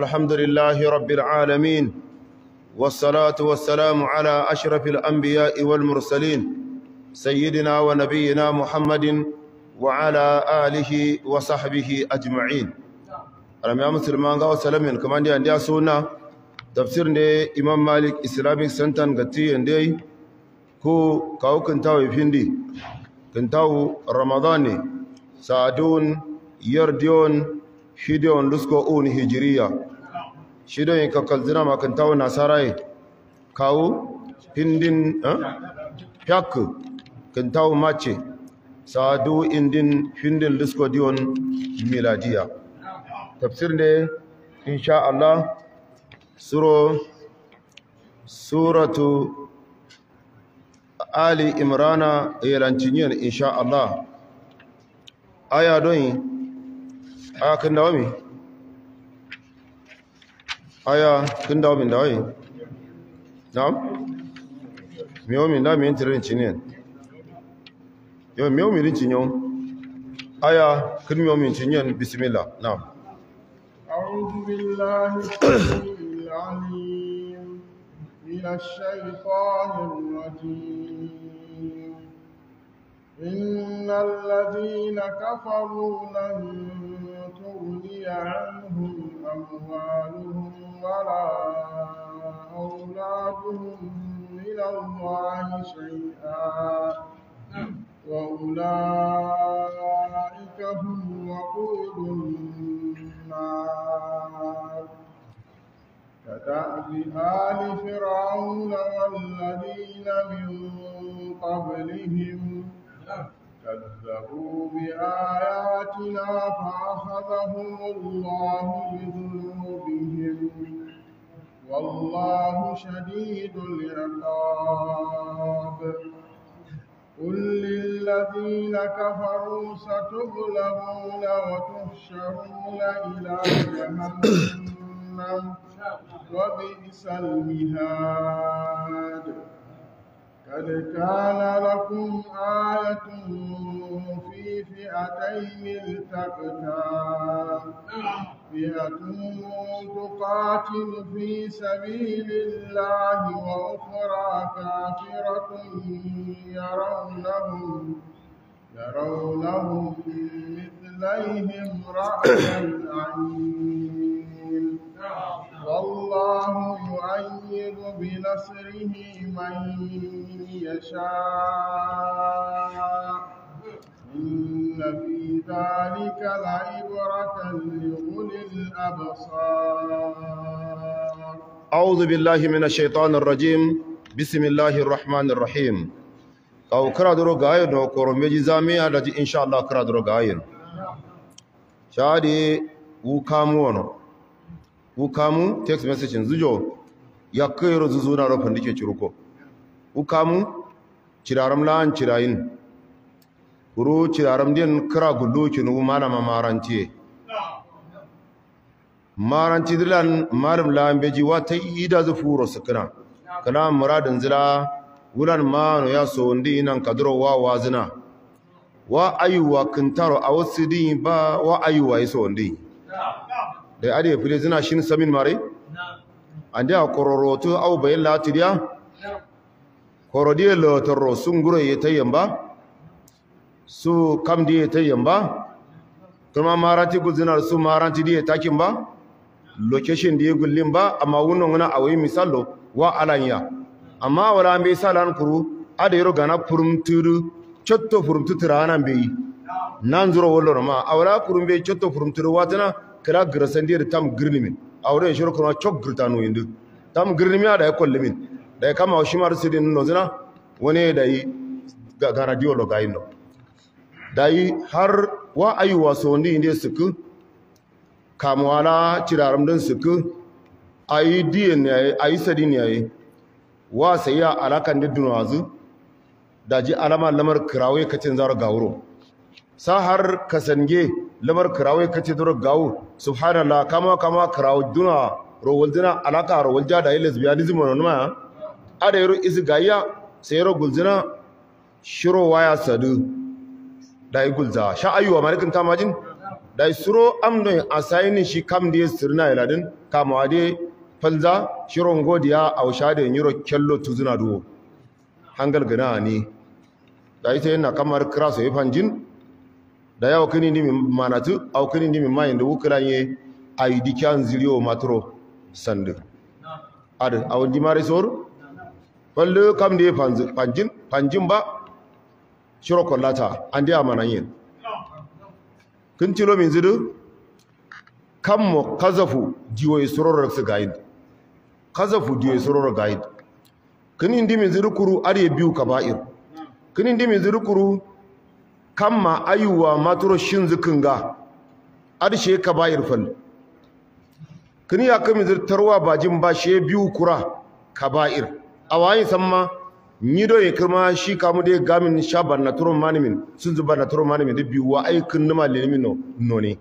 الحمد لله رب العالمين والصلاة والسلام على أشرف الأنبياء والمرسلين سيدنا ونبينا محمد وعلى آله وصحبه أجمعين رمي مسلمان غاو سلامين كمان دي عندي سنة تفسير دي إمام مالك إسلامي سنتان غتي عندي كو كاو كنتاو يفندي كنتاو رمضاني سعدون يرديون hidio on lusko un hijiriya shido yin kakkal zina makan tawo nasara yi kawo hindin fiyak eh? kanta tawo mace sadu indin hindin lusko diwon miladiya tafsir ne insha Allah suro suratu ali imrana yaranciniyar insha Allah aya don aya ah, kan dawo mi aya ah, kun dawo mi dawo na'am me o min tirin mi rin cinyo aya kun me o min ah, bismillah na'am na billahi alim إن الذين تغني عنهم أموالهم ولا أولادهم من الله شيئا وأولئك هم وقود النار كدأب آل فرعون والذين من قبلهم كذبوا بآياتنا فأخذهم الله بذنوبهم والله شديد العقاب قل للذين كفروا ستغلبون وتحشرون إلى جهنم وبئس المهاد قد كان لكم آية في فئتين التقتا فئة تقاتل في سبيل الله وأخرى كافرة يرونهم يرونهم مثليهم رأي العين والله يؤيد بنصره من يشاء إن في ذلك لعبرة لأولي الأبصار أعوذ بالله من الشيطان الرجيم بسم الله الرحمن الرحيم أو كرادرو غاير أو كورميجي زامي إن شاء الله كرادرو غاير شادي وكامونو ukamu text message zujo? yakero zuzuna ro ciruko. chiruko ukamu chiraram lan chirayin uru chiraram den kra gullu chinu mana mamaranti maranti dilan marum lan beji wata ida zufuro sukuna kana muradin zira wulan ma no ya so ndi nan kadro wa wazina wa ayuwa kintaro awsidi ba wa ayuwa iso ndi da eh, ya adewa fili zina shi samin mare an da kororotu au bayan latiriya korodiyar latarro sun gura ya tayyan ba su kam da ya tayyan ba kuma maranti guzinar su maranti da ya takin ba location da ya gullin ba amma wunan wani a wayi misalo wa alanya amma wala mai salan kuru adayar gana furumturu cotto furumtuturu ranar bai nan zuwa wallon ma a wala kurum bai cotto furumturu watana kira grasandir tam girnimin awre shuru kono chok girtano indu tam girnimi da kollimin da kama oshimar sidin nozina wani da yi ga radio lo gaino da yi har wa ayi waso wani inde suku kamwala ciraram din suku ayi diyen yayi ayi sadin yayi wa sai ya alakan dindun wazu da ji alama lamar kirawe kacin zar gawuro sahar kasange lamar karawe kace duro gawo subhanallah kama kama karawo duna rowal duna alaka rowal jada ile lesbianism non ma ada yero isi gayya sai ro gulzina shiro waya sadu dai gulza sha ayuwa amarikan tamajin dai suro amno asayin shi kam da sirna iladin kama wade falza shiro godiya a shade nyiro kello tuzuna duwo hangal gana ne dai sai na kamar kraso yafanjin da yau kini ndimi manatu au kini da a yi wukiranye ayidi o maturo sandu a awon jimari sor wallo kam ya yi fanjin ba shiro kollata andi amanayin kin tilo min zidu kan mu kazafu diwo isror e raksa gaid kazafu diwo isror e gaid kin ndimi zirukuru ariye e biu kaba'ir kin ndimi kuru kamma ayuwa maturo shinzu ga arshe ka bayar fal kini ya kami zirtarwa bajin ba shi biyu kura ka bayar. A awayin samma nido ya kirma shi kamu dai gamin sha barnaturon manimin sun zuba barnaturon manimin da biyu wa aikin nima lilimin no ne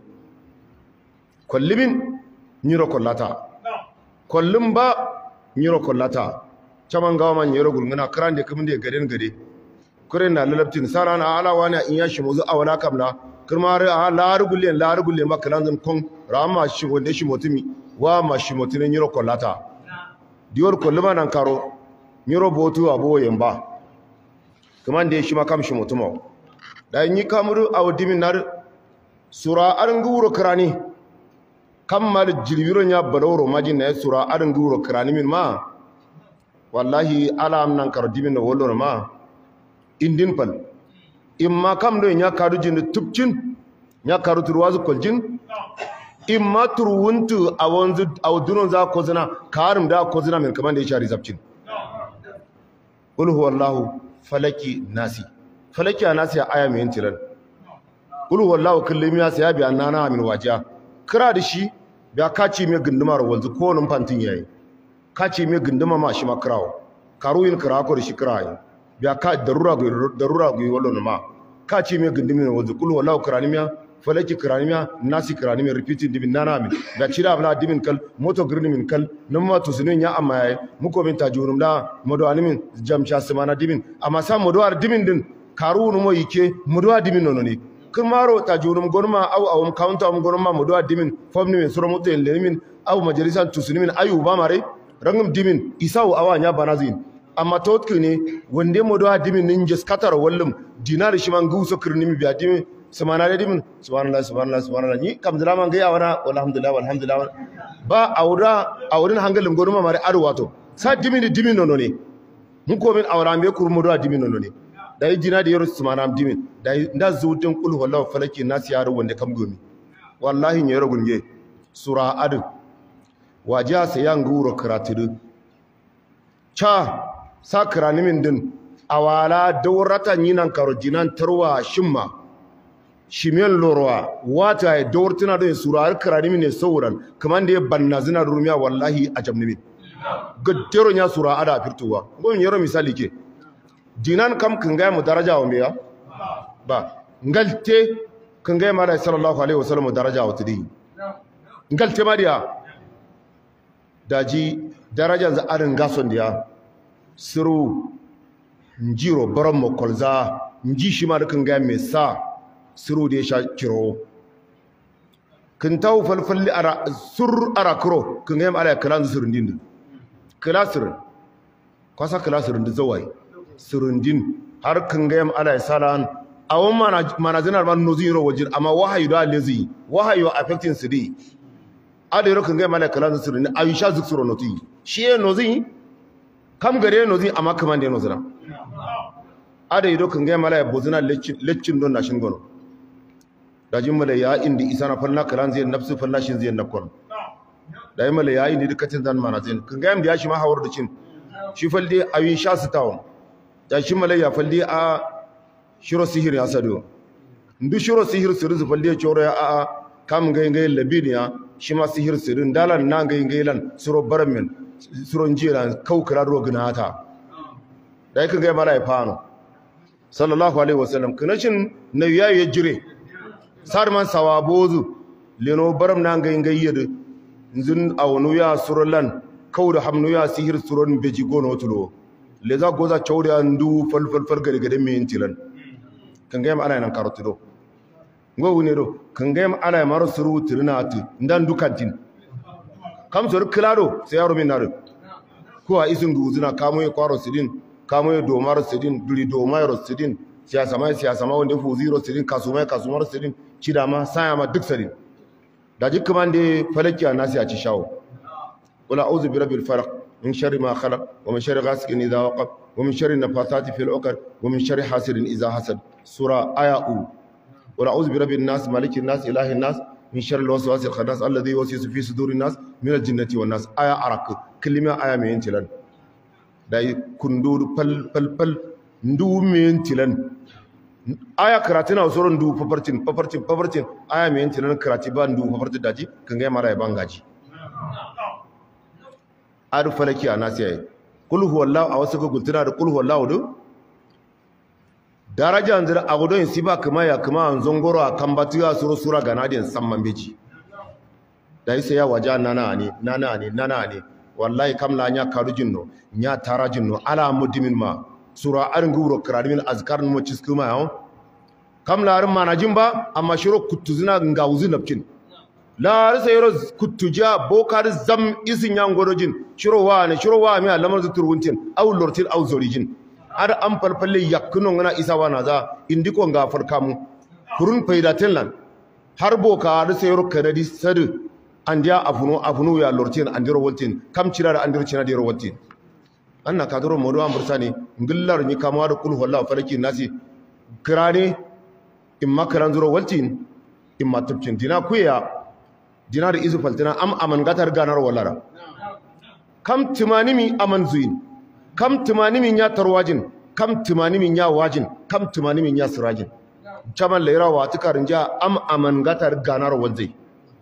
kwallimin niro kwallata kwallin ba niro kwallata caman gawa man yero gulguna kiran da kamin da gaden gade kuren na lalabtin sara na alawa na in yashi muzu a wala kamna kirma ra larugulle larugulle makalanzin kon rama shi wanda shi motumi wa ma shi motunin yiro kollata diyor kwalluma nankaro. karo yiro botu abo yamba kaman da shi makam shi motuma da yin yi kamuru a wadimin nar sura arin guro kirani kammal jirbiron ya balawro majin na sura arin guro kirani min ma wallahi alam nan karo dimin na wallon ma indin pal imma kam do nya karu jin tupcin nya karu turwazu koljin imma turwuntu awanzu awdunon za ko zina karim da ko zina min kaman da ya shari zabcin qul huwallahu falaki nasi falaki nasi ya aya min tiran qul huwallahu kullum ya sai bi annana min wajiya kira da shi biya kaci mai gundumar wanzu ko numfantin yayi kaci mai gunduma ma shi ma kirawo karuyin kira ko da shi yi. biya ka darura gwi darura wallo ma ka ci me gindimin wa kullum wallahu karanimiya falaki karanimiya nasi karanimiya repeating dibin nanami da cira abla dibin kal moto girnimin kal nan ma tusunin ya amma yayi muko bin jurum da modo animin jamsha simana dibin amma sa modo ar dibin din karunu mo yike modo ar dibin nono ne ta jurum gonma au awum counter um gonma modo ar dibin fomni min suro mutu en lemin au majalisan tusunimin ba mare rangum dimin isau awanya banazin amma totkine wonde moɗo ha dimi nin jes dinar wallum dinare shiman guso kirnimi biya dimi subhanallah dimin subhanallah subhanallah subhanallah ni kam zalama ngai awana alhamdulillah alhamdulillah ba awra awrin hangalum goruma mare arwato sa dimi ni dimi nono ne mun ko min awra me kurmudo a dimi nono ne da yi jina da yaro subhanallah dimin da da zutin kul wallahu falaki nas yaro wanda kam gomi wallahi ne yaro gunge sura adu waja sayangu ro karatiru cha sakranimin din awala dawratan yinan karojinan tarwa shimma shimen lorwa wata dawrtina dawrtuna sura surar karanimin ne sauran kaman da banna zina rumiya wallahi a jamnimin gaddero nya sura ada firtuwa gon yaro misali ke dinan kam kan ga mu daraja wa miya ba ngalte kan ga mala sallallahu alaihi wasallam daraja wa tudi ngalte dia daji darajar za arin gason dia Siru! njiro baran makwalza nji shi ma dukkan gaya mai sa siru da ya sha kiro kan tawo falfalli a sur ara kiro kan gaya ya Kala kalan sirrin din kilasirin kwasa kilasirin da zawai sirrin din har kan gaya ya sa salan a wani manazinar ma noziro wajen amma wahayu da lezi wahayu affecting su dai adiro kan gaya mai ala kalan sirrin a yi sha zuksuro noti shi ya nozin kam gare no zi amma kamande no zira ada ido kan ga mala ya bozina leccin don nashin gono dajin mala ya indi isa na falna kalan zai nafsu falna shin zai nakon da mala ya indi dukatin zan mana zin kan ga biya shi ma hawar da cin shi falde ayin sha su tawo da shi mala ya falde a shiro sihir ya sado ndu shiro sihir sirin su falde choro ya a kam ga ga labiniya shi ma sihir sirin dalan na ga ga lan suro baramin suron jira kaukara rogina ta da yake ga mala ifano sallallahu alaihi wasallam kanacin na yayi ya jire sarman sawabozu leno baram nan ga inga yid nzun awnu ya lan kawda hamnu ya sihir tsoron beji gono tulo le za goza chawda ndu fal fal fal gari-gari min tilan kan ga ana nan karotudo ngo wune do kan ga ana mar suru ati, ndan dukantin kam so klaro sai yaro min naru ko a isin duzuna kamo ya kwaro sidin kamo ya domar sidin duri domar sidin siyasa mai siyasa ma wanda ya zero sidin kasu mai kasu mar sidin cida ma saya ma duk sadin. da duk kuma da falaki a nasi a ci shawo wala auzu bi rabbil falaq min sharri ma khalaq wa min sharri ghasiqin idha waqab wa min sharri nafathati fil uqad wa min sharri hasidin idha hasad sura aya u wala auzu bi rabbin nas malikin nas ilahin nas min sharri waswasil khannas alladhi yuwaswisu fi sudurin nas min al-jinnati wan nas aya arak kalima aya mai yantilan dai kundur pal pal pal ndu mai yantilan aya karatu na usurin ndu fafarcin fafarcin fafarcin aya mai yantilan karatu ba ndu fafarcin daji kan mara ya bangaji arfalaki anasiya kul huwallahu a wasu guntuna da kul huwallahu duk daraja nzira agudo insiba kuma ya kuma nzongoro akambatiwa suru sura ganadi nsamma mbeji da isa ya waja nanani nanani nanani wallahi kamla nya karujinno nya tarajinno ala mudimin ma sura arnguro kradimin azkar mu ciskuma yawo kamla arin manajin ba amma shiro kutuzina ngawuzi napkin la risa yoro kutuja bokar zam isin yan shiro wa ne shiro wa mi alamar zuturwuntin au lortil au zorijin ar am falfalle yakkunon ngana isawa na za indiko nga farkamu kurun faida tenlan har boka da sayar kanadi sadu andiya afunu afunu ya lortin andiro woltin kam cirara andiro cina diro woltin anna kadoro modu ambursani ngillar ni kama da kul wallahi falaki nasi kirani in makaran zuro woltin in matubcin dina kuya dina da izu faltina am aman gatar ganar wallara kam timanimi aman zuin kam min ya tarwajin kam min ya wajin kam min ya surajin, chaman laira wa tukarin ja am aman gatar ganar wanzai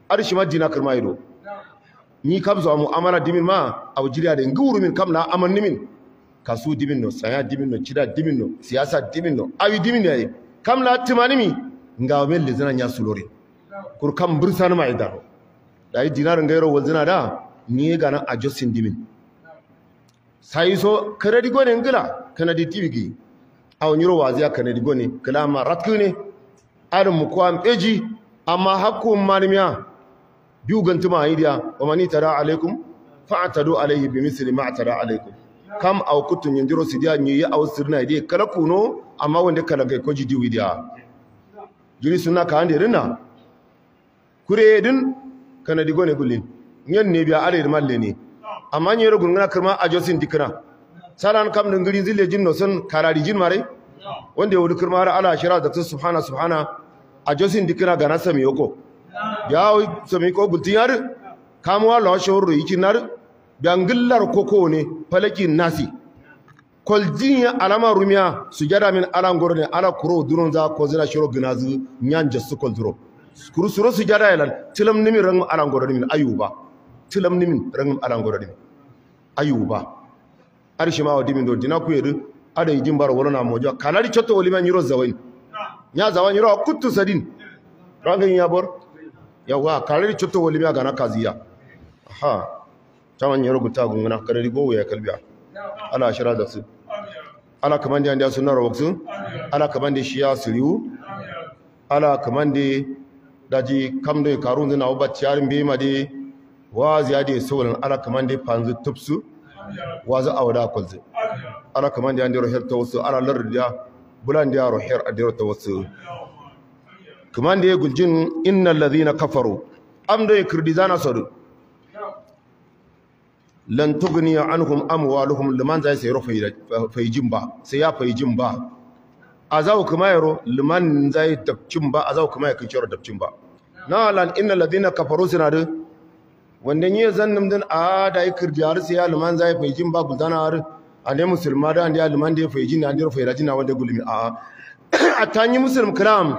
arshi majina kirma ido ni kam zo mu'amala dimin ma a wajiriya da nguru min kam na aman nimin kasu dimin no saya dimin no cida dimin no siyasa dimin no ayi dimin ne kam na tumanimi nga mel le zanan ya sulore kur kam bursan ma idan dai dinar gairo wanzina da ni ga gana a justin dimin so, kanadi gone ngila kanadi tibigi aw nyiro waziya kanadi gone kalama ratkune adam mukwam eji amma hakku malimiya biyu gantuma idiya wa mani tara alaikum fa'tadu alaihi bimithli ma tara alaikum kam aw kutu nyiro sidiya nyi aw sirna idi kala kuno amma wanda kala ga koji diwi widiya juri sunna ka ande rinna kure din kanadi gone gulin nyen ne biya are malle ne amma nyero gunguna kirma a josin dikna salan kam dingiri zille jinno sun karari jin mare wanda yawdu kirma har ala shira da tun subhana subhana a josin dikna gana sami yoko yawo sami ko gultiyar kamuwa lawa shawru yikinar biangillar koko ne falaki nasi ya alama rumiya sujada min alan gorne ala kuro durun za ko zira shiro ginazu nyanja su kolduro kuru suro sujada yalan tilam nimi rang alan gorne min ayuba tilam nimin rangam alangoro din ayuba arshima ma dimin do dina ku yedu ada yijin bar worona mojo kanari chotto woliman nyiro zawain nya zawain yiro kutu sadin ya bor ya wa kanari chotto wolima gana kaziya ha tawan nyiro guta gungana kanari gowo ya kalbiya ala shira da su ala kaman da ya sunna rawaksu ala kamandi shi shiya siriu ala kamandi daji kamdo da karun zina ubat yarin bi madi wa ziyade sawlan ana kamande panzu tupsu wa za awda kolze ana kamande andiro her tawassu ana lardiya bulan diya ro her andiro tawassu kamande guljin innal ladhina kafaru amdo yakridizana sodu lan tugniya anhum amwaluhum liman zai sayro fayjin ba sai ya fayjin ba azaw kuma yaro liman zai dabcin ba azaw kuma yakin ciro dabcin ba na lan innal ladhina kafaru sinadu wanda ni zan namdin a da ikir jihar sai alman zai faijin ba ku zanar ale musulma da ande alman da faijin na ande fairajin na wanda gulmi a a tanyi musulm kiram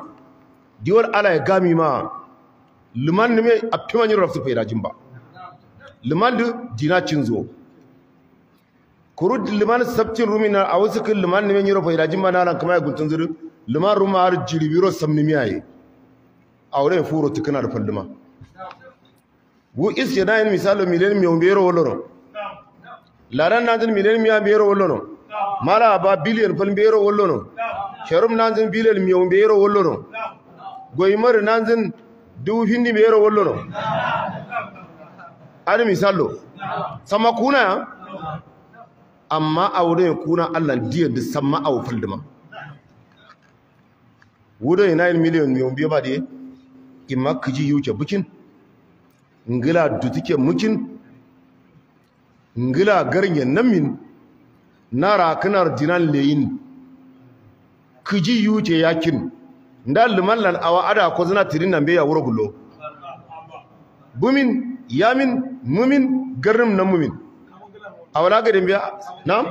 diwar ala ya gami ma liman ne a fiman yin rafu fairajin ba liman da dina cin zo kurud liman sabtin rumina a wasu kin liman ne yin rafu fairajin ba na ran kama ya guntun zirin liman ruma har jiribiro samnimiyaye a wurin furo tukuna da falluma bu iske da misalo milen mi ombero wolono laran nanzin milen mi ambero wolono mala ba billion fal bero wolono sharum nanzin billion mi ombero wolono goymar nanzin du hindi bero wolono ari misalo sama kuna amma aure kuna Allah diya da sama awu falduma wudo ina miliyan mi ombe ba da de kimakji yuce bukin ngila dutike mukin ngila garin namin na rakinar dinan leyin kiji yuce yakin nda liman lan awa ada ko zina tirin nan ya wuro gullo bumin yamin mumin garin nan mumin awala gadin biya na'am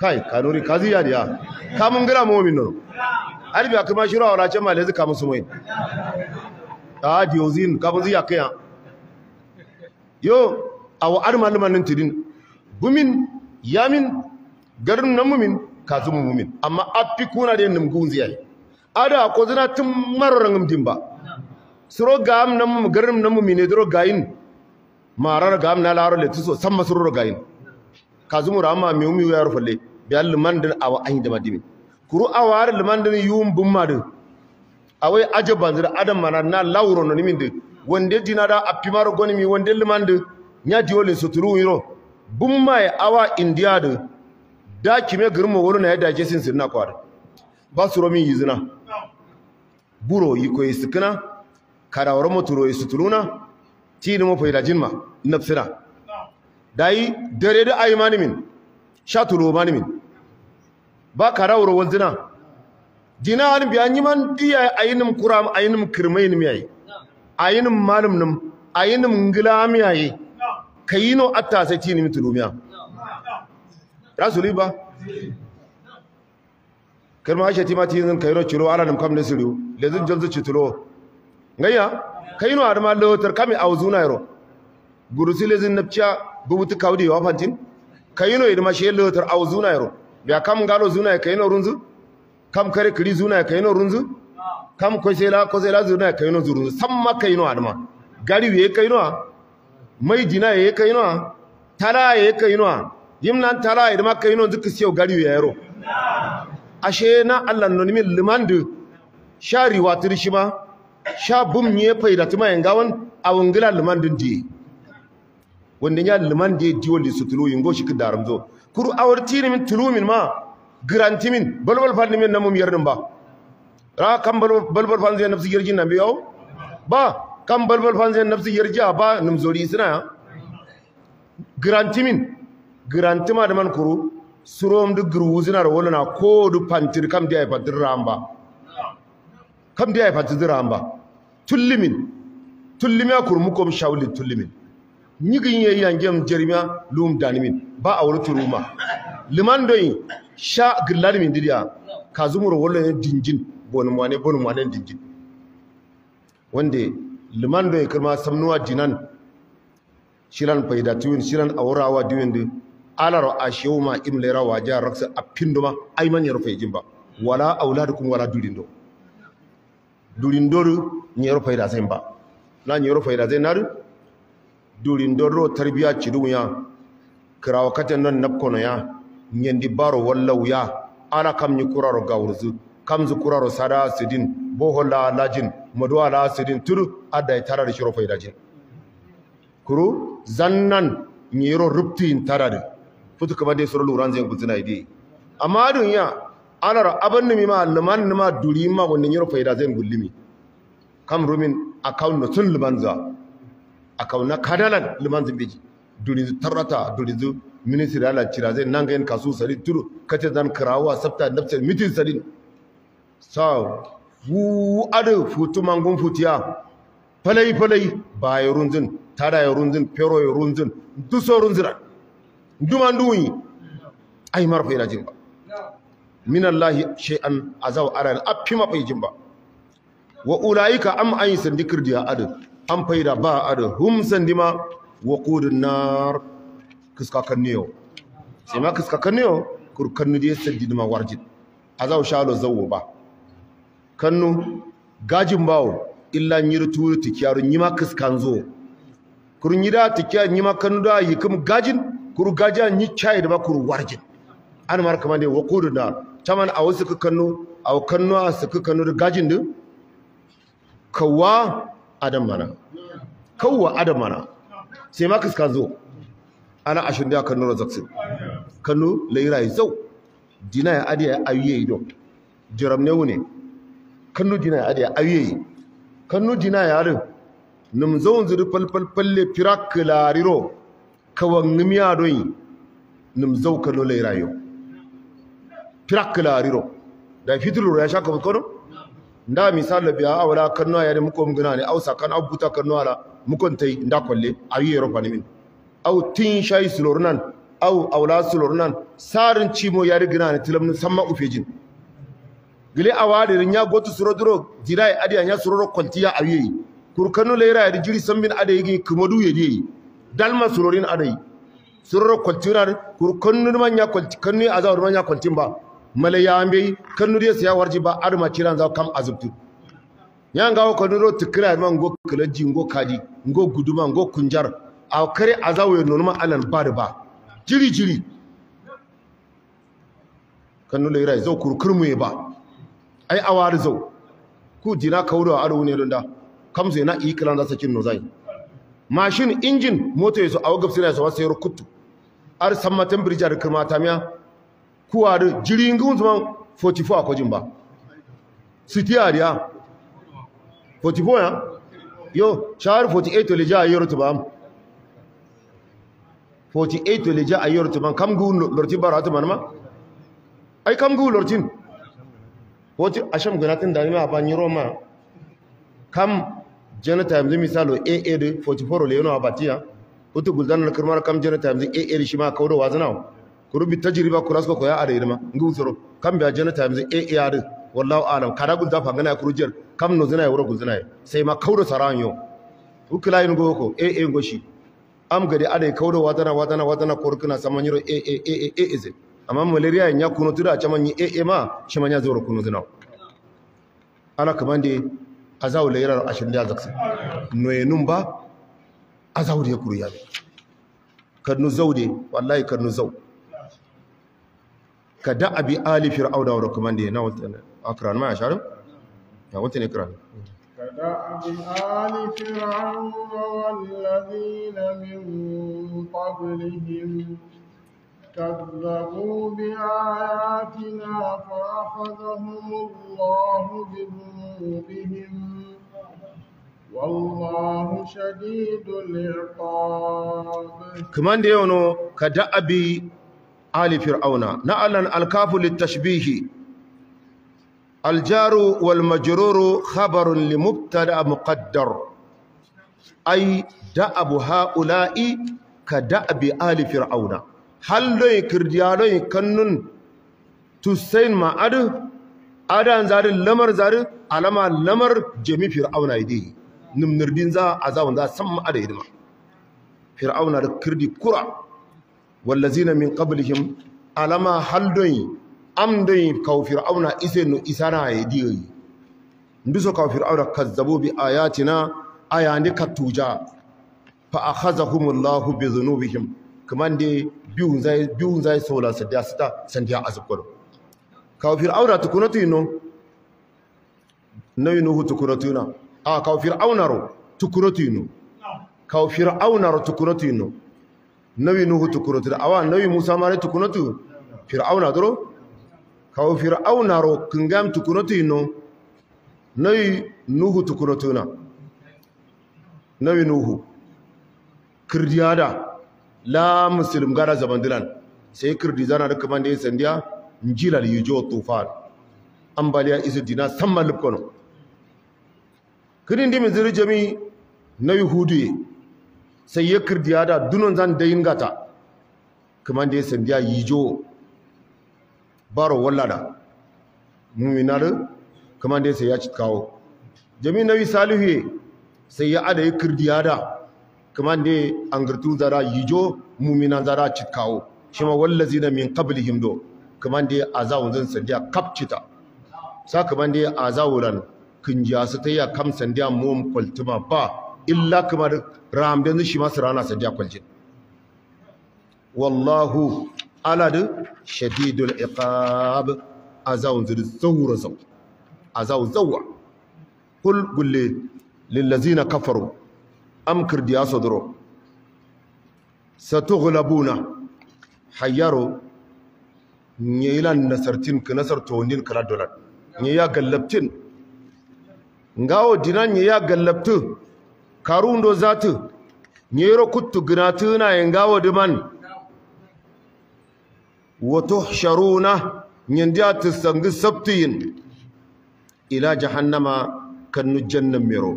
kai kanuri kazi ya diya kamun gira mumin no albi akuma shiro awala ce male zika musu mu'min a ka kafin zai ya yo a wa'ar malaman nan tidin bumin yamin garin nan mumin kazu mumin amma afi kuna da yin gun ziyai ada ko zina tun mararin mdin ba suro gam nan garin nan mumin ne duro gayin marar gam na laro le tuso san masuro gayin kazu mu rama mai umi ya rufalle bi al mandan awa ayi da madimi kuru awar yiwu yum bummadin awai aje da adam mana na lauro no niminde wonde dinada appimaro ya wonde limande nyadi wole suturu yiro bummay e awa india da da kime girmo woro na yada e jesin sinna kwar basuro mi yizna buro yiko e iskna karawro moturo isutuluna tini mo fayda jinma nafsira dai dare da ayi manimin shatulo mani min ba karawro wanzina jinaan bi anyiman diya ayinum kuram ayinum kirmayin mi ayi ayinum malum num ayinum ngilami ayi kayino atta sai tini mitulumiya rasuli ba kirma ashe timati zan kayiro ciro ala num kam nasiru lezin jalzu citulo ngaya kayino arma lotar kami auzuna yaro gurusi lezin napcha bubutu kawdi wafantin kayino idma she lotar auzuna yaro biya kam galo zuna kayino runzu kam kare kiri zuna ka yino runzu kam ko sela ko sela zuna ka yino zuru samma ka yino adma gari we ka yino mai jina ye ka yino tala ye ka yino yimlan tala idma ka yino zuka siyo gari we yaro ashe na Allah no nimin limandu shari wa shima sha bum nye da tuma yangawan awungila limandun di wanda ya limande diwon li sutulu yingo shi kidaramzo kuru awar tiri min tulu min ma garantimin balbal fan min namum yarnin ba ra kam balbal fan zai nafsi yarji nan biyo ba kam balbal fan zai nafsi yarja ba num zori suna garantimin garantima da man kuru surom du guru zina ro wala na ko du pantir kam dia pantir ramba kam dia pantir ramba tullimin tullimiya kur mukom shawli tullimin nyigin yeyan gem jermiya lum danimin ba awru turuma liman doyi sha girlari min diriya ka zumur wallo ne dingin bonu mwane bonu mwane dingin wanda liman da ya kirma samnuwa dinan shiran faida tiwin shiran awrawa diwin da alar ashewma imlera waja raksa apinduma ayman ya faijin ba. wala auladukum wala dulindo dulindoru nyero faida ba. na nyero faida zenaru dulindoro tarbiya ya kirawa katan nan napkono ya nyendi baro wallau ya ana kam ni kuraro gawurzu kam zu kuraro sada sidin boho la lajin modwa la sidin tudu adda e tarar shiro faydajin e kuru zannan nyiro rubti tarar futu kaba de soro luran zai gutuna ide amma dunya anar abanni mi ma alman ma duri ma wannan nyiro fayda e zai kam rumin account tun lumanza akawna na kadalan limanza biji durizu tarrata durizu ministry ala cira zai nan gayin kasu sari turu kace zan kirawa sabta nafsar mitin sari so wu adu futu mangun futiya falai falai ba ya runzun tada ya e runzun fero ya e runzun duso runzura duman duwi ai marfa yana jin ba min Allah shay'an azaw aran affi mafai jin ba wa ulaika am ayin sandikir a adu an faida ba adu hum sandima waqudun nar kiska sai ma kiska kanniyo kur kannu je sajjid ma warjid azaw shalo zawo ba kannu gajin bawo illa nyir tuuru tikiyaru nyima kiskanzo kur nyida tikiya nyima kannu da yikum gajin Kuru gaja nyi chai da ba kur warjid an mar kamande waqudun na, taman aw suka kannu aw kannu a suka kannu da gajin da kawwa adam mana kawwa adam mana sai ma ka zo ana ashirin da kano razaksin kano laira ya zau dina ya adiya ayiye ido jiram ne wune kanu dina ya adiya ayiye kanu dina ya rin num zaun zuri falfalfalle firak lariro kawan nimiya don yi, num zau kanu laira yau firak lariro da fitilu ya sha kamar kano nda misal biya awala kanno ya mu muko mgna ne au sakan buta kanno ala muko ntai nda kolle ayi yero pani min au tin shay sulurnan au awala sulurnan sarin cimo ya rigna ne tilamnu samma ufejin gile awade rinya gotu surodro jirai adiya nya suroro kontiya ayi kurkanu leira ya jiri sambin adayi gi kumodu yedi dalma surorin adayi suroro kontiya kurkanu manya kontiya kanni azawur manya ba. malayambe kanuriya siya warji ba arma kiran za kam azubtu yanga ko nuro tikira man go kalaji go kaji go guduma go kunjar a kare azawo no ma alan da ba jiri jiri kanule rai zo kurkurmu ba ai awar zo ku jina kauro aro ne don da kamse na ikiran za sakin no zai mashin injin moto yaso awgab sira yaso wasayar kuttu ar sammatan birjar kirmata miya kuwari jiringi unzuma 44 akojimba sitiari ya 44 ya yo shahar 48 wale ja ayyar tuba 48 wale ja ayyar tuba kam gu lortin bara tuba ma ai kam gu lortin wati asham gunatin da ma ban yiro ma kam jana times misalo aa 44 le yana abatiya utu guldan na kirmar kam jana times aa shi ma kawo da wazanawa kurubi tajriba kurasko ko ya ada irma zoro kam biya janata yanzu e iyar wallahu alam kada gun zafa gana kurujiyar kam no zina ya wuro gun zina sai ma kauro saranyo ukula yin goko e e ngoshi am gade ada kauro watana watana watana korkuna samanyiro e e e e e ze amma malaria nya kuno tuda chamanyi e e ma chimanya zoro kuno zina ana kamande azawu layrar ashirin da zaksa noyenun ba azawu da ya kuru ya kanu zaude wallahi kanu zau كدأب آل فرعون وركمندي ناو أكران ما أشعر ناو تنكران كدأب آل فرعون والذين من قبلهم كذبوا بآياتنا فأخذهم الله بذنوبهم والله شديد العقاب كمان ديونو أبي ali fir'auna na'lan alkafu litashbihi aljaru wal majruru khabarun li mubtada muqaddar ay da'abu haula'i ka da'abi ali fir'auna halloy kirdiyaloy kannun tusain ma'adu adan zari lamar zari alama lamar jami fir'auna yidi nimnirdin za azaban za ma adai hidima fir'auna da kirdi kura wallazina min qablihim alama haldoyi amdoyi auna fir'auna isenu isana ye diyoyi ndiso kaw fir'auna kazzabu bi ayatina ayandi kattuja fa akhazahumullahu bi dhunubihim kamande biyun zai biyun zai sola sadiya sita sandiya azqoro kaw fir'auna tukunatu no nayinuhu na? a kaw fir'auna ro tukunatu no kaw fir'auna ro tukunatu no nabi nuhu tukunatu awa nabi musa mare tukunatu fir'auna duro kawo fir'auna ro kingam tukunatu ino nabi nuhu tukunatu na nabi nuhu kirdiyada la muslim gara zabandilan sai kirdi zana da kaman da sandiya njilal yujo tufan ambaliya isu dina sammal kono kidin ndi mizirijami nabi huduye sen yekir da dunon zan gata deyingata kamande sen yi jo baro wallada muminal kuma da ya kawo jami yi salihu sai ya ada da ya an gartu zara jo muminan zara ma shima zina min qablihim do kamande azawun zan sandiya diya kapcita sa kamande azawuran kinjiya su ta a kam sandiya diya mom kwaltuma ba illa kamar ramdan shi masu rana sadiya kwaljin wallahu aladin shadidul iqab azawun zuru zawra zau azawun zawwa kul gulle lillazina kafaru amkir diya sadro satughlabuna hayyaro nyilan nasartin ka nasartonin kala dolar nye ya gallabtin ngawo dinan nye ya gallabtin karundo zatu nyero kuttu gnatuna yengawo diman wa tuhsharuna nyindiya tisangi sabtiyin ila jahannama kannu jannam miro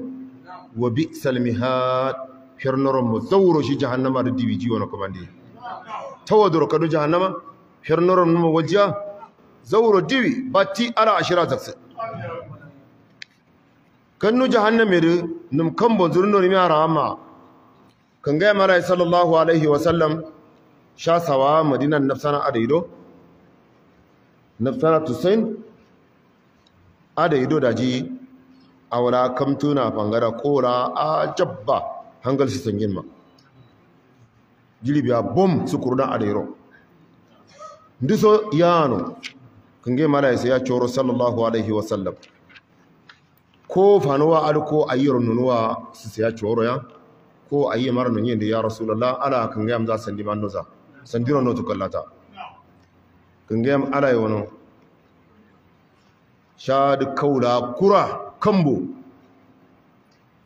wabi salmihad hirnoro mo shi jahannama da dibi kumandi tawaduro komandi kanu jahannama hirnoro mo wajia zawuro diwi batti ala ashira zaksa kannu jahannamir num kambo zurnori mi arama kanga mara sallallahu alaihi wasallam sha sawa madinan nafsana adaido nafsana tusain adaido daji awara kamtuna bangara kora a jabba hangal shi sangin ma jilibiya bom su kurda adairo ndiso yano kange mara sai ya coro sallallahu alaihi wasallam ko fanuwa alko ayyar nunuwa su siya ciwaro ya ko ayi mara yin da ya rasu, lalla ala kan gayam za sandi ma noza sandi no to kallata kan gayam ala sha da kaula kura kambo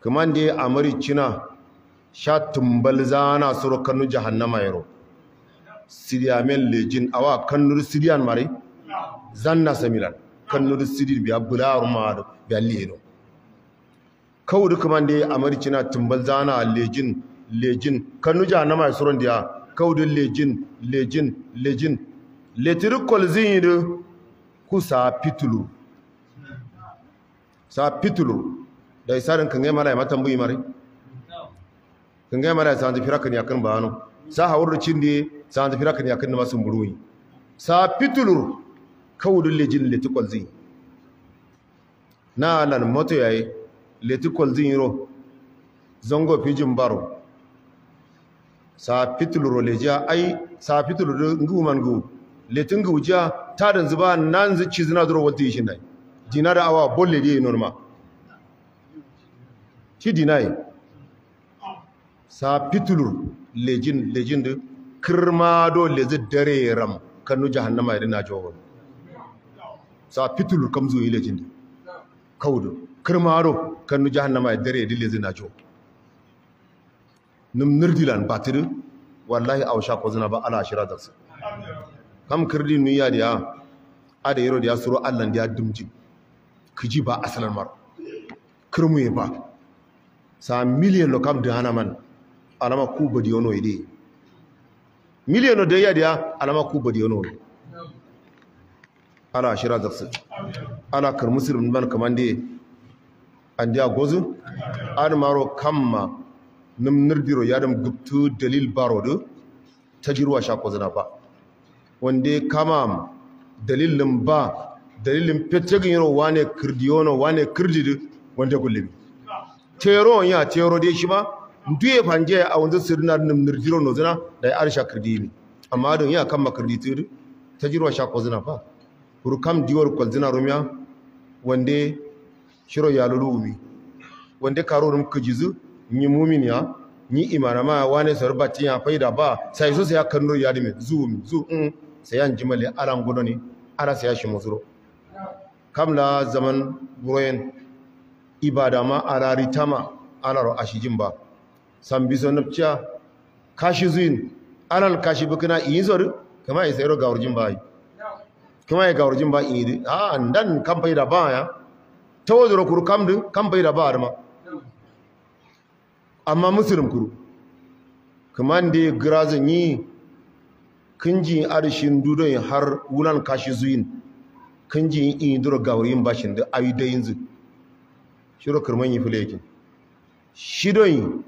kaman da amari cina sha tumbal zana suru kanu jahannama yaro sidiyamen lejin awa kannur sidiyan mare zanna samilan kannur sidir biya bularuma biya liyeno kawru kumande amaricina tumbalzana lejin lejin kanu jahannama suron dia duk lejin lejin lejin letiri yi ku sa pitulu sa pitulu da isarin kan gaima da ya matan buyi mari kan gaima da ya sa ya kan ba bayanu sa hawar cin da sa zafira kan yakin da masu buruwi sa pitulu duk lejin leti kwalzin na lan moto yayi letikol zinro zango fijin baro sa fituluro leja ai sa fituluro ngumangu letungu ja ta dan zuba nan zici zina duro wata yi shi nai dina da awa bolle yi norma shi dinai sa fitulur lejin lejin da kirma do lezi dare ram kanu jahannama idan na jawo sa fitilu kamzu yi lejin da kaudu kirmaro nu jahannama e dare e dille zina jo num nirdilan batirin wallahi awsha ko zina ba ala da su kam kirdi nu ya dia ada yero dia suro allan dia dumji kiji ba asalan mar kirmuye ba sa million lo kam dana man alama ku badi wono ide million da ya dia alama ku badi wono ala da su ala kirmusir man kamande andi a gozu an maro kamma num nirdiro yadam guptu dalil barodu tajirwa sha kozuna ba wande kamam dalilin ba dalilin fetagin yano wane kirdiyono wane kirdidu wanda gullubi tero ya tero dai shi ma duye fanje a wanzu sirna num nirdiro nozuna da ya arsha kirdini amma don ya kamma kirditu tajirwa sha kozuna ba hurkam diwar kwalzina rumiya wande shiro ya lulumi wanda karorin kujizu ni mumin ya ni imara ma wane sarbati ya faida ba sai su sai kan ro ya dime zum zu um sai an jimale aran godo ne ara sai shi muzuro kamla zaman royen ibada ma arari tama ana ro ashijin ba san biso nabcia kashi zuin alal kashi bukuna yin zori kama ya sai ro gawurjin ba yi kama gawurjin ba yi ha, ah, dan kan faida ba ya tawajuro kuru kamdu bai da arma amma Musulun kuru kamande grazan yi kinji arishin dudon har wulan kashi zuyin kinji in duro gawrin bashin da ayi da yanzu shiro kurman yi yake shidon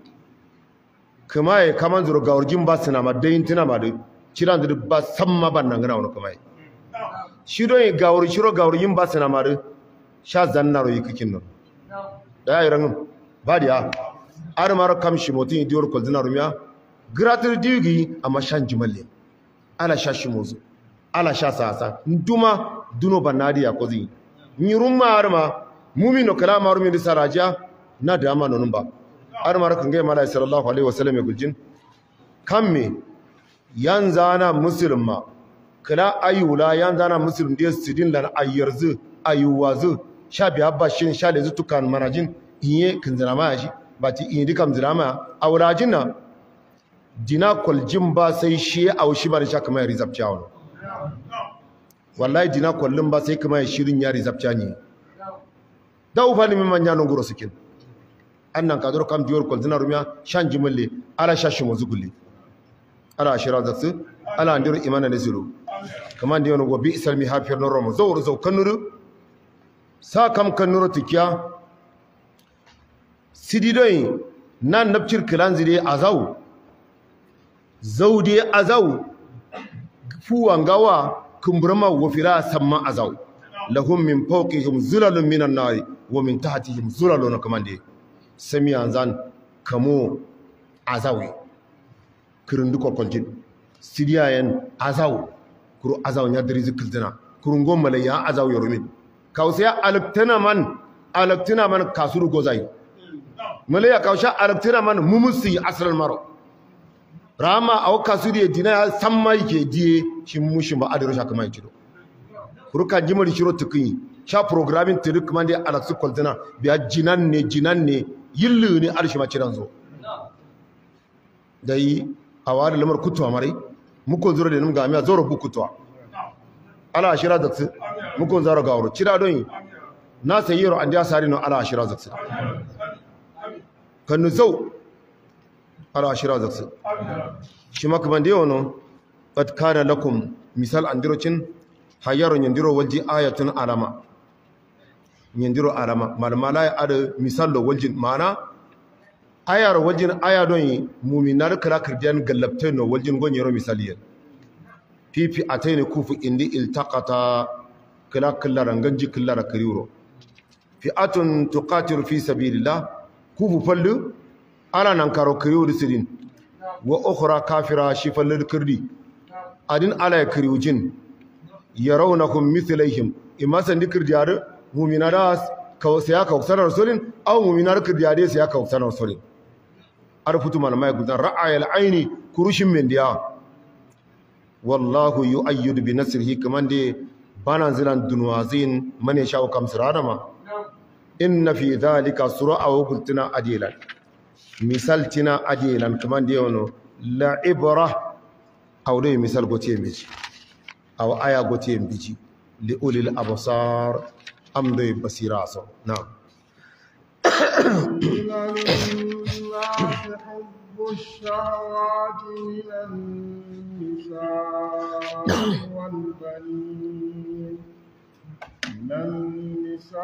kuma ya kaman gawar gawrjin basina ma dayin tuna ma da ciran da ba samma ban nan gana wani kuma shidon gawr shiro gawrjin basina ma da sha zannaro kikin nan da ya iran badiya armar kamshi motin idiyar kwalzina rumiya gratis digi a mashan jimalle ala sha shi mozu ala sha sa-asa nduma duno nadi ya kozi nyirun ma arma mumi no kalama rumi da rajiya na dama nonun ba mara kan gai mala sallallahu alaihi wasallam ya guljin kan me yan zana ma, kala ayyula yan zana musulun da ya sidin lan ayyarzu ayuwazu shafi habba shin shale zutukan marajin inye kinzirama ya shi ba ti inye dukan zirama a wurajin na dina kwaljin ba sai shi a wushi ba da sha kamar ya rizabciya wani wallahi dina kwallon ba sai kamar ya shirin ya rizabciya ne da ufa ne min manyan goro sukin annan kadar kam diyar kwalzina rumiya shan jimalle ala shashi gulli. ala ashirar zafi ala andiru Imana da ziro kamar da yawon gobe isar mi hafiyar na roma zaure zaukan nuru sa kam kan nuro tikiya sididoi nan nabcir kilan zide azau zaude azau fuwan gawa kumburma wafira samma azau lahum min fawqihim zulalun minan nari wa min tahtihim zulalun kamande samiyan zan kamo azawi kirindu kokontin sidiyayen azau, kuru azaw nya dirizi kiltina kurun gommale ya azaw kawsiya alktinaman man kasuru gozai kausha kawsha man mumusi asral maro rama aw kasuri dina sammai ke die shin mushin ba adaro shaka mai cido kuruka jimari shiro tukuni sha programming tiri kuma dai alaksu kwaltina biya jinan ne jinan ne yillu ne arshi maciran zo dai a wani lamar kutuwa mare muku zura da ga miya zoro bu kutuwa ala ashira da mukunzaro gawro ciraɗoyi nase an andi a sarino ala ashira zakse kan zow ala ashira zakse shima kabandi wani qad da lakum misal dirocin hayaro ñandiro walji ayatun alama ñandiro alama ya aɗa misal da waljin mana ayar waljin aya don yi muminar kala kirdiyan gallabteno waljin gon yero misaliyar fifi atayni kufu indi iltakata kila killara nganji killara kiriwro fi'atun tuqatiru fi sabilillah kubu fallu ala nankaro karo kiriwri sidin wa ukhra kafira shi fallul kirdi adin ala kiriwjin yarawnahum mithlaihim imma sandikir diyar mu'mina das kawsaya kawsar rasulin aw mu'mina kirdiyade saya kawsar rasulin arfutu malamai gudan ra'ayal aini kurushin min diya wallahu yu bi nasrihi kaman dai بانا زلان دنوازين من يشاو كم سرادما إن في ذلك سرعة وقلتنا أجيلا مثالتنا أجيلا كمان ديونو لا عبرة أو دي مثال قتيم بيجي أو آية قتيم بيجي لأولي الأبصار أم دي بصيراسة نعم لله تحب الشعوات من النار النساء نعم. والبنين من النساء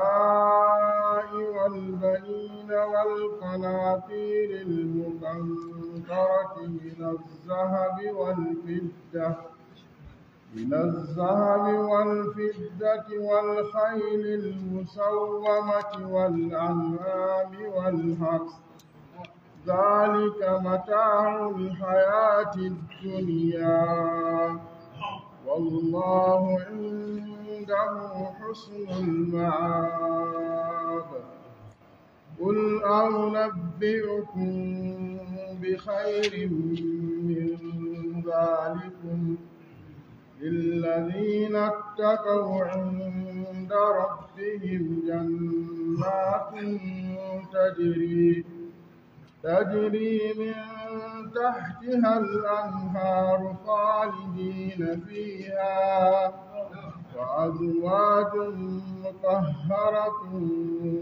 والبنين والقناطير المقنطرة من الذهب والفضة من الذهب والفدة والخيل المسومة والأنعام والحرث ذلك متاع الحياة الدنيا والله عنده حسن المعاب قل أنبئكم بخير من ذلكم للذين اتقوا عند ربهم جنات تجري تجري من تحتها الأنهار خالدين فيها وأزواج مطهرة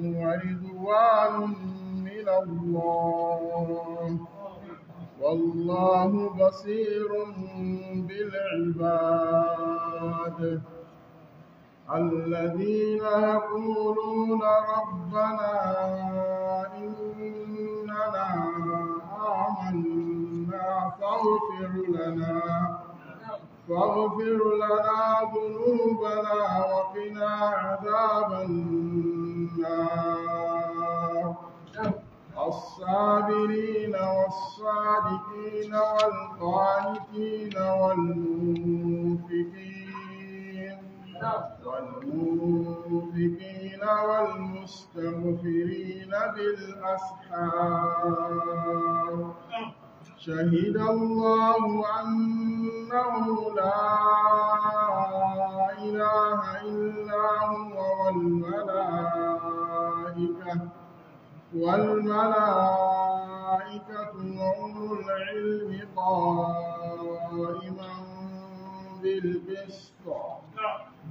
ورضوان من الله والله بصير بالعباد الذين يقولون ربنا إننا آمنا فاغفر لنا فاغفر لنا ذنوبنا وقنا عذاب النار الصابرين والصادقين والقانتين والمنفقين والمنفقين والمستغفرين بالأسحار شهد الله أنه لا إله إلا هو والملائكة والملائكة وأولو العلم قائما بالقسط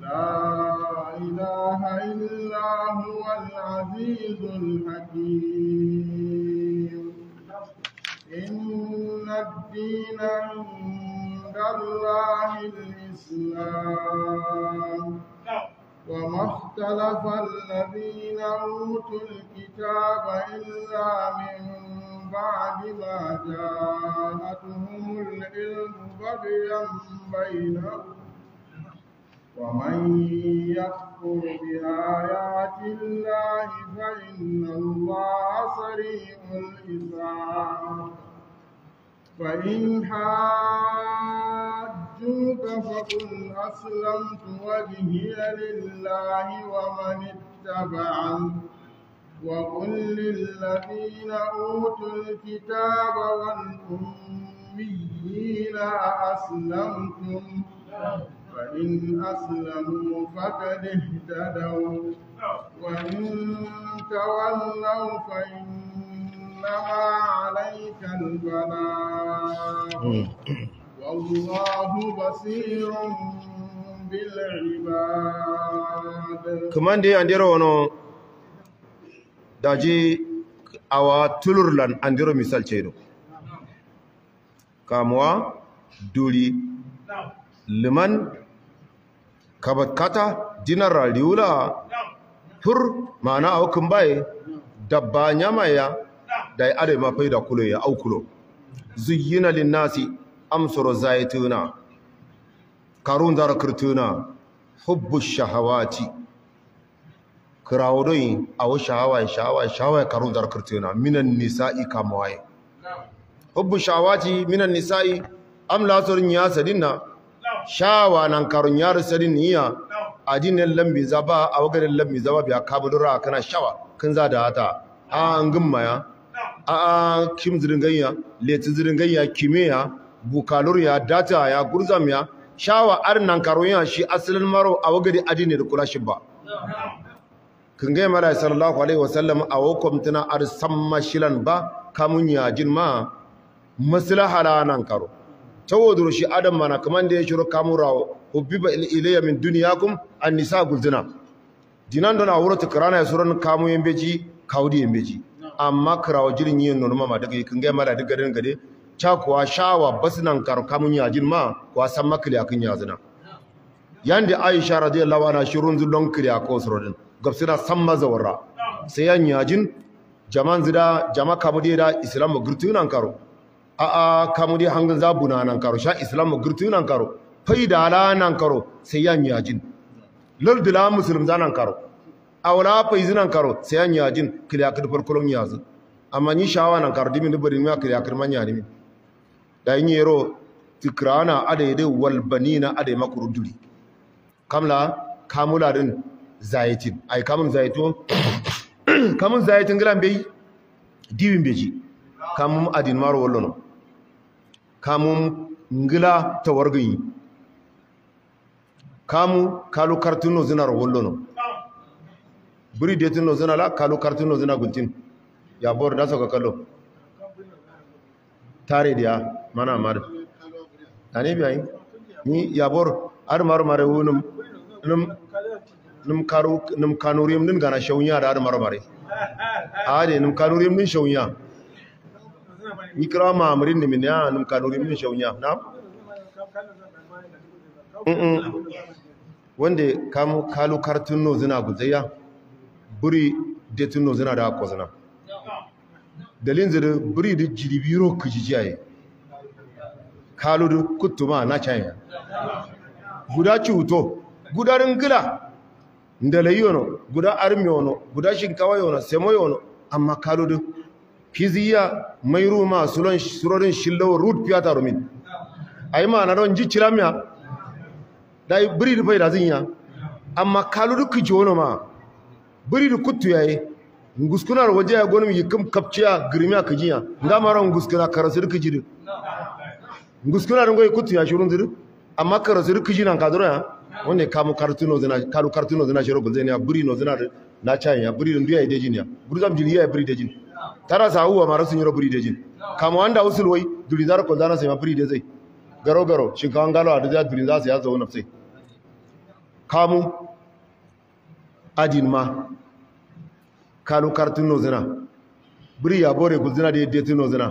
لا إله إلا هو العزيز الحكيم إن الدين عند الله الإسلام وما اختلف الذين أوتوا الكتاب إلا من بعد ما جاءتهم العلم بغيا بينهم ومن يكفر بآيات الله فإن الله سريع الحساب فإن حاجوك فقل أسلمت وجهي لله ومن اتبعني وقل للذين أوتوا الكتاب والأميين أسلمتم فإن أسلموا فقد اهتدوا وإن تولوا فإنما عليك البلاء والله بصير kamande andiro wono daji awa tulurlan liman kabatkata dinar raliula fur mana aukun baye dabba nyamaya da ya ade mafai da kulo ya aukulo zuyyina nasi amsuru zaituna karun zara kirtuna hubbu shahawati kraudoi aw shahawa shahawa shahawa karun zara kirtuna minan nisa'i kamwaye hubbu shahawati minan nisa'i am surin ya shawa nan karun yar sadin niya adinin lambi zaba a wagarin lambi zaba biya kabudura kana shawa kan za da hata a an gimma ya a a kim zirin ganya leti zirin ganya kime ya, bukalur ya data ya gurzam ya shawa ar nan karun ya shi asalin maro a wagari adinin da kula shi ba kan gaya mara sallallahu alaihi wasallam a tana ar samma shilan ba kamun yajin ma maslaha nan karun tawadru shi adam mana kamar da ya shiro kamura hubbiba ilayya min dunyakum an nisa gulzina dinan dona wurata kirana ya suran kamu yembeji kawdi yembeji amma wa jirin yin norma ma daga kin ga mala daga dan gade cha kuwa shawa basnan kar kamun yajin ma kuwa san yazina yanda aisha radiyallahu anha shirun zulon kiriya ko surodin gabsira san sai yan yajin jaman zida a'a kamudi zabu na nan karo sha islamu girtu nan karo faida ala nan karo sai yan yajin la musulun za nan karo awla faizi nan karo sai yan yajin kiliya kirfar kolon yazu amma ni shawa nan karo dimin dubarin ya kiliya kirman ya nimi da yin yero tikrana adai dai walbanina adai makuruduri kamla kamula din zayitin ai kamun zayito kamun zayitin gilan bai diwin beji kamun adin maro wallono kamum ngila ta wargi kamu kalu kartuno zina rollono buri detuno zina la kalu kartuno zina guntin ya bor da soka kallo tare dia mana mar tani biya ni ya bor ar mar mare wonum num num karu num kanuri num gana shawnya ar mar mare ade num kanuri num shawnya ikirama amurin amrin ne min nan num kanu min shaunya na wanda kamu kalu kartun no zina guzayya buri detun no zina da ko zina dalin zira buri da jiribiro kujijiyaye kalu da kutuma na chanya guda wuto guda ringila da layi wano, guda armi wano, guda shinkawa wano, semo yano, amma kalu da fiziya ruma surorin shillowa root piyata rumin a yi ma'ana don ji ciramiya da yi biri da bai da zinya amma kalu duk ji wani ma biri da kutu ya yi guskunar waje ya gwani yi kam kapciya girmiya ka jiya ga mara guskuna karasu duk ji duk guskunar da gwai kutu ya shirin duk amma karasu duk ji nan kadura ya wanda ya kamo kartuno zina kalu kartuno zina shirin gulzaniya biri na zina na cayan ya biri da ya yi dejin ya biri zam jini ya yi biri dejin tara sa wa marasun yi raburi da jin kama wanda wasu wai duri zara rikon zana sai ma furi da zai garo garo shinkawan galo a da zai duri za su ya zo na sai kamu ajin ma kanu kartun no zina buri ya bore ku zina da yadda tun no zina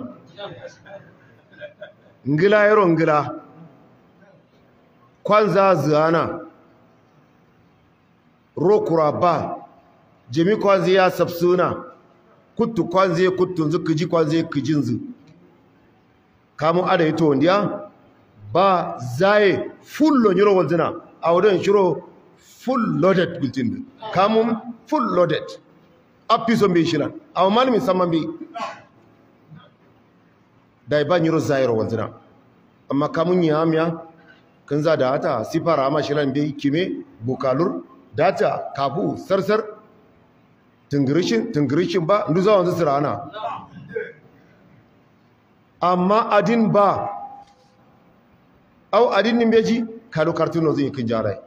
ngila yaro ngila kwanza zana rokura ba jimi kwanzi ya sabsuna kuttu kwanze kuttunzu kiji kwanze nzu kamun ada yito wandiya ba zaye full nyoro yoro wanzina a wurin shiro full loaded bulletin kamun full loaded apison bai shiran amma malamin saman bai da ba yoro zaye ro wanzina amma kamun yi hamiya kan za da hata sifara bai kime bukalur data kafu sarsar tingirishin tingirishin ba duk za wanzu sirana amma adin ba au adin nin beji kalu kartun no zin kin jarai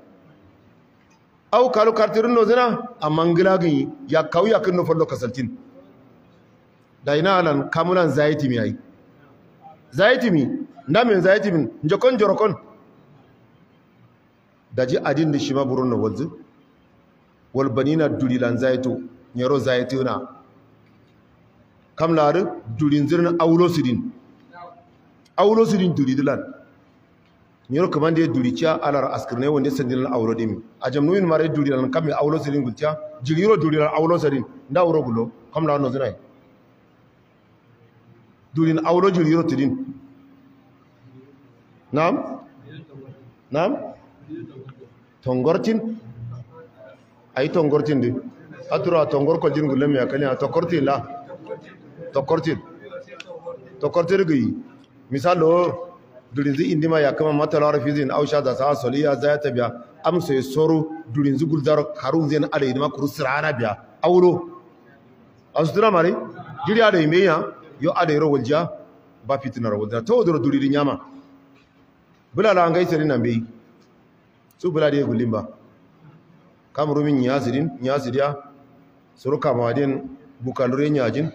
au kalu kartun no zina amma ngilagin ya kau ya kin no fallo kasaltin da ina alan kamunan zaiti mi ai zaiti mi ndamin zaiti min njokon jorokon daji adin da shi ma burun no wanzu wal banina dulilan zaito yaro zayituna kam laari durin zirin awulo sidin awulo sidin duri dilan yaro kaman de duri cha alar askrne wonde sandin awro dimi ajam nuin mare duri lan kam mi sidin gulcha jigiro duri lan awlo sidin nda awro gulo kam no zinai durin aulo jigiro tidin nam nam tongortin ay tongortin din atura tongor ko jin gulle me akanya to kortin la to kortin to kortir gi misalo durinzi indima ya kama fizin rafizin ausha da sa soliya za ya tabiya amsa ya soro durinzi guldar karun zai ala indima kuru sirana biya awro a su tuna mare jiri ala imeya yo ala ro waljiya ba ro waljiya ta wadura duririn nyama bulala an ngai rinan nambe su bulala ya gulimba ba min yasirin yasiriya suruka madin bukalurin yajin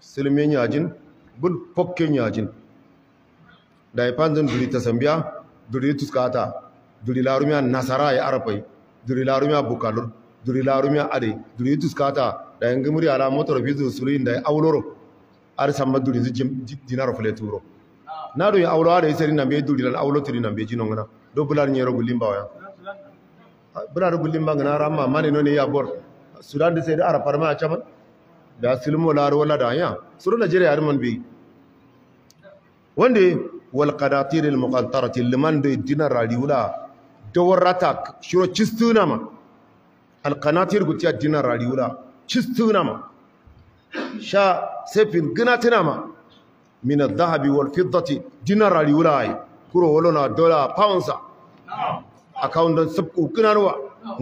silmin yajin bud nyajin. yajin daifanzin duri ta sambiya duri tuskata duri larumiya nasara ya arafai duri larumiya bukalur duri larumiya ade duri tuskata da yin gimuri ala motar fizu suliyin da ya auloro ar samma duri zijin dinar fileturo na do ya aulo ada isari nambe duri lan aulo turi bai jinon gana do bular nyero gulimba waya bular gulimba ngana ramma mane no ne ya bor sudan da sai da arafar ma a caman da silmo laro wala da hanya suru najeriya a man bi wanda walƙadatir qadatir al liman da dinar radiula da rata shiro cistuna ma alƙanatir guti a dinar radiula cistuna ma sha sefin ginatina ma mina zahabi dhahabi wal fiddati dinar radiula ai kuro wala na dola pounds kawun don sabku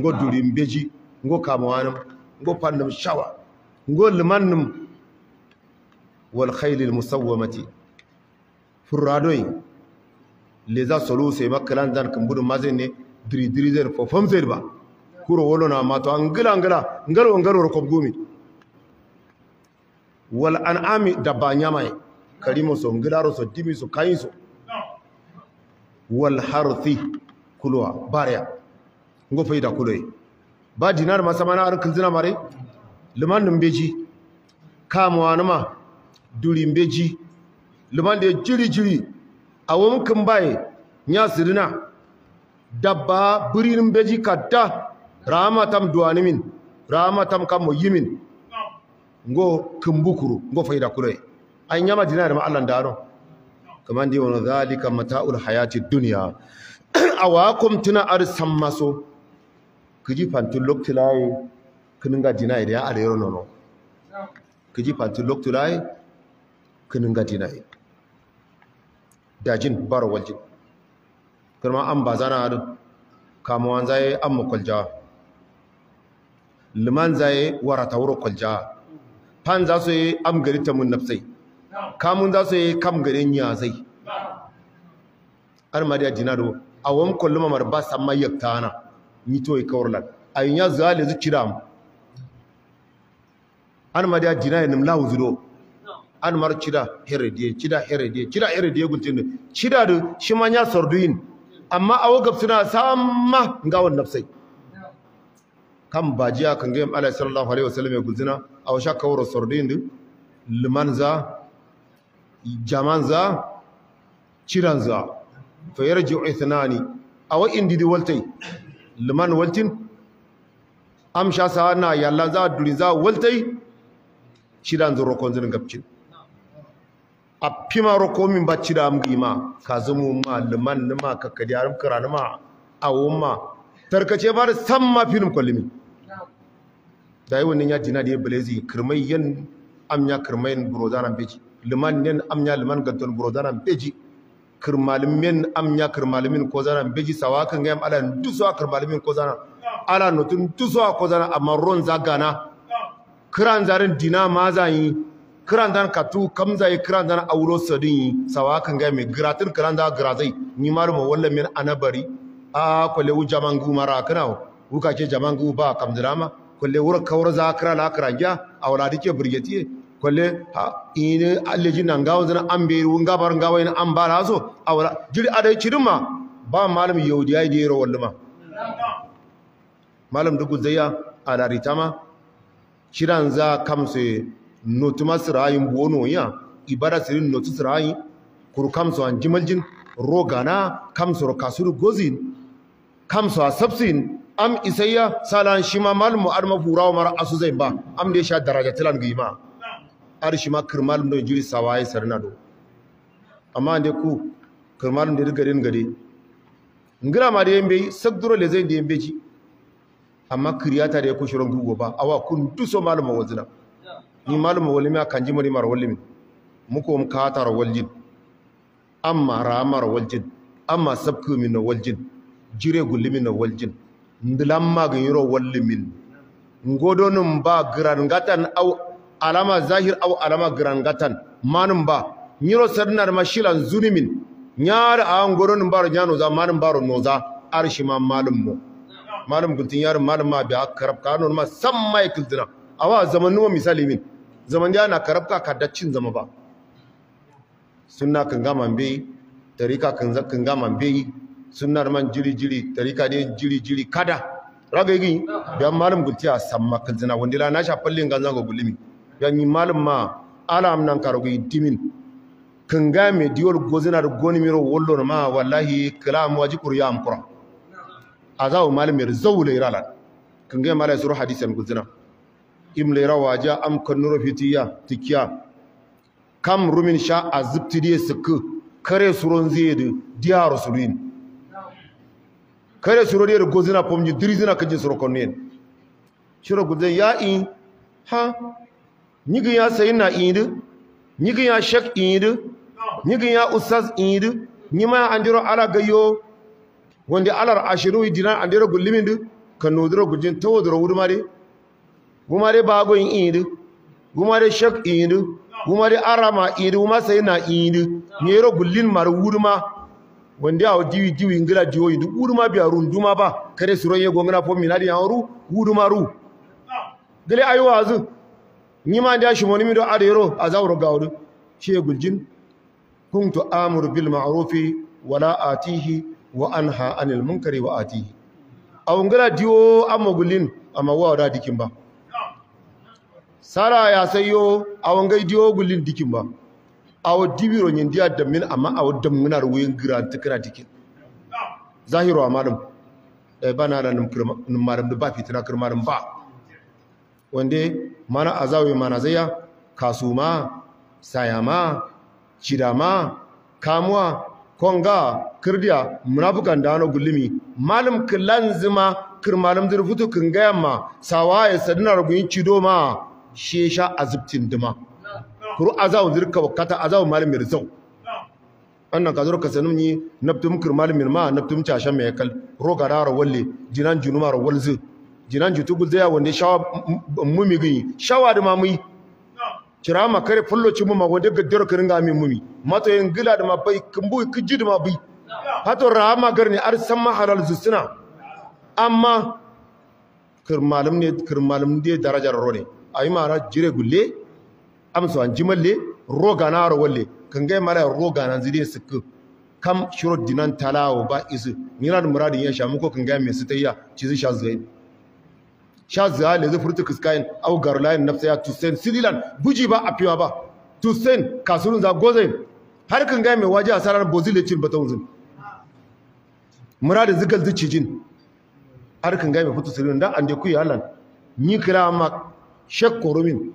godurin beji ngo kamawanum ngo pandum shawa ngo limannum wal khaylil musawwamati furradoy leza soluse makkalan dan kambudu mazene diri diri zer fo zer ba kuro na mato angala angala ngaro ngaro ko gumi wal an'ami dabba nyamai karimo so ngilaro so dimi so kayiso wal harthi kulwa bariya ngo faida kuloyi ba dinar ma mana na arkin zina mare liman nun beji kamuwa numa durin beji liman da jiri jiri a wamkin baye ya sirina dabba birinin beji kadda Ramatam duwanimin ramatam kamo yimin ngo kumbukuru ngo faida kurai an yama dinar ma allan daro kaman di wani zalika mata'ul hayati duniya. awakum tuna arsan maso kiji pantu loktulai ga dinai da ya yoro nono kiji pantu loktulai ga dinai dajin baro waljin kirma an zana adu kamuwan zaye an makwalja liman zaye warata wuro kwalja fan za su yi an gari ta mun nafsai kamun za su yi kam garin ya zai armadiyar dinaro a wani kullum mamar ba samayyar ta hana yito e kawrlan ayun ya zuwa zu kiram an ma da jina yanin e lawu do. an mar cida herediye cida herediye cida herediye guntin cida da shi ma ya sarduin amma awagab suna samma ga wannan nafsai kan bajiya kan gayan Allah sallallahu alaihi wasallam ya e guzina a washa kawar sordin din limanza jamanza ciranza fa yarji'u ithnani wa'in didi waltai liman waltin amsha sha sa na yalla za duri za waltai shidan zuro kon zin gabcin a pima roko min bacci da am ma, ka zumu ma liman nima ka kadi aram karana ma awon ma tarkace ba da san ma film kullumi da yi wannan ya dina da ya balezi kirmai yan amya kirmai burodaran beji liman yan amya liman ganton burodaran beji kirmalimin amnya kirmalimin ko zana beji sawa kan gam ala duso kirmalimin ko zana ala nutun duso ko zana amma ron zagana kiran zarin dina mazayi kiran dan katu yi kiran dan auro sadin sawa kan gam gratin kiran da grazai ni ma wallan min anabari a kwale u jamangu gumara kana wuka ce jaman gu ba kamdirama kwale wura kawar zakira la karanja a wala dike burgetiye kolle ha ine alleji nan gawo zan an be run ina an bara so awra jiri adai cirma ba malam yahudi ai da yaro walluma malam dugu zaya ala ritama kiran za kamse notuma sirayin bono ya ibara sirin notu sirayin kuru kamso an jimaljin rogana kamso kasuru gozin kamso a sabsin am isayya salan shima malmu arma furawa mara asu zai ba am da ya sha daraja tilan gima arshi ma kirmalum do jiri sawaye sarna do amma da ku kirmalum de rigare ngade ngira ma da yambe sagduro le zain da yambe ji amma kiriyata ya ko shoron gugu ba awa kun duso maluma wazina ni maluma walimi ji mari mar walimi muko um katar waljin amma ramar waljin amma sabku min waljin jire gullimin waljin ndilamma ga yiro wallimin ngodonin ba giran gatan au alama zahir au alama grangatan manum ba nyiro sarnar mashilan zunimin nyar an goron baro nyano za manum baro noza ma malum mo malum guntin yar malum ma bi karabka. kanun ma sammai kildina awa zaman nuwa misali min zaman ya na karabka ka cin zama ba sunna kan gama be tarika kan zakan gama be sunna man jiri jiri tarika ne jiri jiri kada ragagi Biya malum guntiya samma kildina wandila na sha fallin ganzan go bulimi yanyi malum ma ala amnan karogo dimin kanga me diol gozinar goni miro wollo ma wallahi kalam waji qurya am qura azaw malum mir zawle irala kanga malai suru hadisan gozina im le rawaja am nuru fitiya tikiya kam rumin sha azibti die sukku kare suron zede diyar surin kare suro die gozina pomni dirizina kajin suro konnen shiro gozin ya in ha ñigiya sayinna shek ñigiya chek iidi ñigiya ustas iidi ñimaya andiro ala gayyo wonde alar ashiruyi dinan andiro gullimindi ka nodiro gujin tawodoro wurmade wumade bagoyin inidu gumare shek inidu gumare arama iidi wuma sayinna iidi ñeyiro gullin mar wurma Wande awo diwi diwi ngila diwoyi ndu ɓuuruma biya ru nduma ba kare suroye gongana fo minadi yan ru wuɗuma ru gele ayo wasu ñimaande a cumonimin ɗo aɗa yero a zawro gawɗo ceegol jin kuntu amuru bilmarufi wala atihi wa anha anil munkari wa atihi awo ngala diwo ammogullin amma da dikin ba sara ya sayo awo ngai diwo gulin dikin ba awo dibiro diya da min amma awo damminar woyin girantikira dikin Zahiru amaɗum eyi eh, ba naɗa num maɗum ba fitina kirmaɗum ba Wande mana azawe manazeya kasuma sayama chidama kamwa konga kirdiya munafukan da hano gulumi malum kilan zima kir malum zirfutu kin ga yamma sawa ya sadina rubin cido ma shesha azubtin duma kuru azawu zirka wakata azawu malum mirzau annan ka zurka sanum ni nabtum kir malum mirma nabtum cashan mai kal roga daro walle jinan junuma ro walzu jinan jutugu zaya wanda shawa mumi gini shawa da mamui kira ma kare fullo ci ma wanda gadero ka ringa min mumi mato yin gila da mabai kumbu kiji da mabai hato rahama garni ar san ma halal zusuna amma kirmalum ne kirmalum ne darajar rone ayi mara jire gulle amso an jimalle roga na ro walle kan ga mara roga nan zide kam shiro dinan talawa ba izu ni da muradin ya sha muko kan ga me su tayya ci sha zai shaziha le zufurtu kiskayin au na nafsiya tusen sidilan buji ba a fiwa ba tusen kasurun za gozayin har kan gaya mai waje a sarar bozil ya cin bata wuzin mura da zigal jin. har kan gaya mai fito sirrin dan an je kuyi halan ni kira ma shakko rumin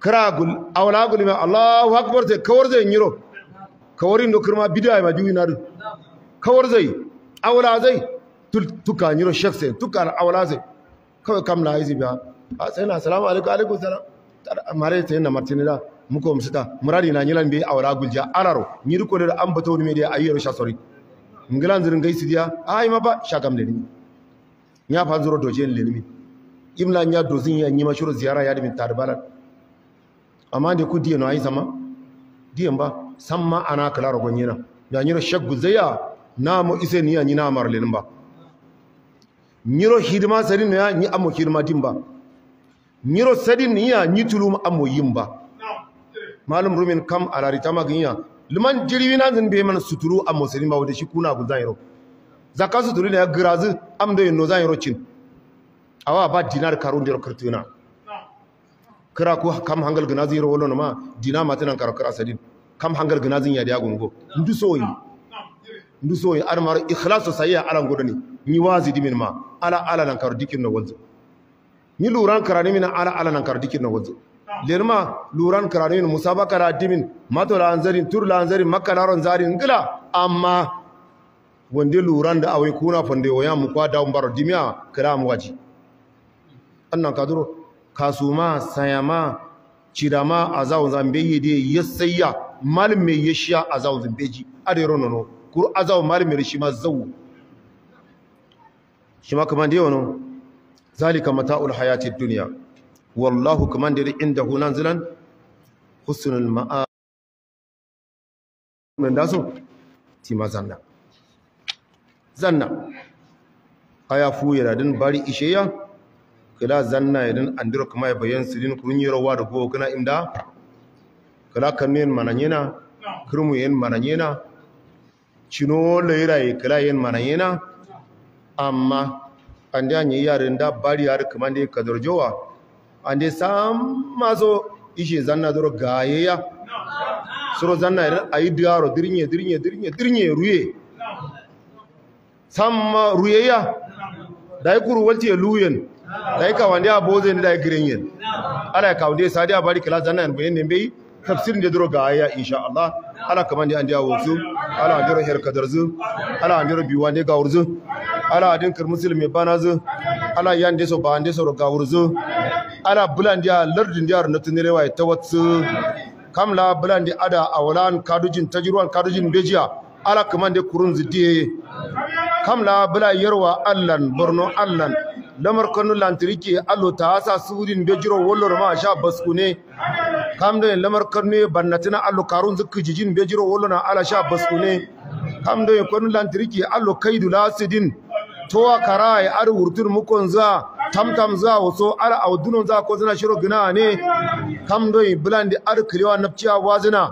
kira gul awla gul mai allahu akbar zai kawar zai yiro yin dokar ma bidiya ma juyi na kawar zai awla zai tukan yiro shek sai tuka awla zai kawai kam na izi biya a sai na salamu alaikun alaikun salam mare ta yin na martini da muko musita murari na nyilan a wara gulja anaro ni riko da an bato ni media ayyero sha sori ingilan zirin gaisi dia a haima ba sha kam nimi ya fa zuro doje ni leni imla ya dozin ya yi mashuru ziyara ya dimin tarbalar amma da ku diye no yi sama diyan ba samma ana kala rogon yana ya na, shaggu ya na mu ise ni ya nyina marlin ba Nyiro hidima sadin ya ni amo hidima dimba Nyiro sadin ya ni tulum amo yimba malum rumin kam alari tamaginya liman jirwina zin be man suturu amo sadin ba wada shi kuna gu Za zaka suturu ne ya girazi am da yinno zaniro cin awa ba dinar karun diro kirtuna kira ko kam hangal gina ziro wolo ma dina matinan kira asadin kam hangal gina yadda ya gungo ndu soyi nduso ye adamaro ikhlaso sayiya gudu ne ni wazi dimin ma ala ala nan dikin na wanzu. ni luran karani min ala ala nan dikin na wolde lenma luran karani min musaba kara dimin matola anzarin la anzarin makka laron zarin ngila amma wonde luran da awai kuna fonde oya mu kwa da mbaro dimiya kira mu waji annan kaduro kasuma sayama cirama azawun zambe yede yasayya mal me yashiya azawun zambeji ade ronono kuru azawa marimir shi ma zau shi ma kamar da wani zalika mata'ul hayatid duniya. wallahu kamar da inda hunan zilan husunan ma'a mai da ti ma zanna zanna aya fu yara din bari ishe ya? kala zanna yadin dira kuma ya bayan sirin kun yi rawa da go kana imda kala yin mananyena kirmu yin mananyena cino leira ikla e yin manayina amma ande anyi yarin da bari har kaman de kadorjowa ande sam mazo ishe zanna dor gayeya suru zanna er ayi diaro dirnye dirnye dirnye dirnye ruye samma ya, dai kuru walti e luyen dai ka wande aboze ni dai grenyen ala ka wande Sadiya bari kala zanna en bayin ne bai tafsirin da duro ga aya insha Allah ala kaman da an da wuzu ala duro her kadarzu ala duro biwa ne ga wurzu ala din kar musulmi banazu ala yan da so ba an da so ga wurzu ala bulan da lardin da na tunire wai ta watsu kamla bulan da ada awlan kadujin tajruwan kadujin bejiya ala kaman da kurun zidiye kamla bula yarwa allan borno allan lamar kanu lantiriki allo ta asa suudin bejiro wallo ma sha baskune kamdo yin lamar karnu bannatina allo karun zuk jijin bejiro wolona ala sha baskune kamdo yin konu lantriki allo kaidu lasidin towa karai ar wurtur mukon za tamtam za waso ala awdunon za ko zana shiro gina ne kamdo en blandi ar kliwa napciya wazina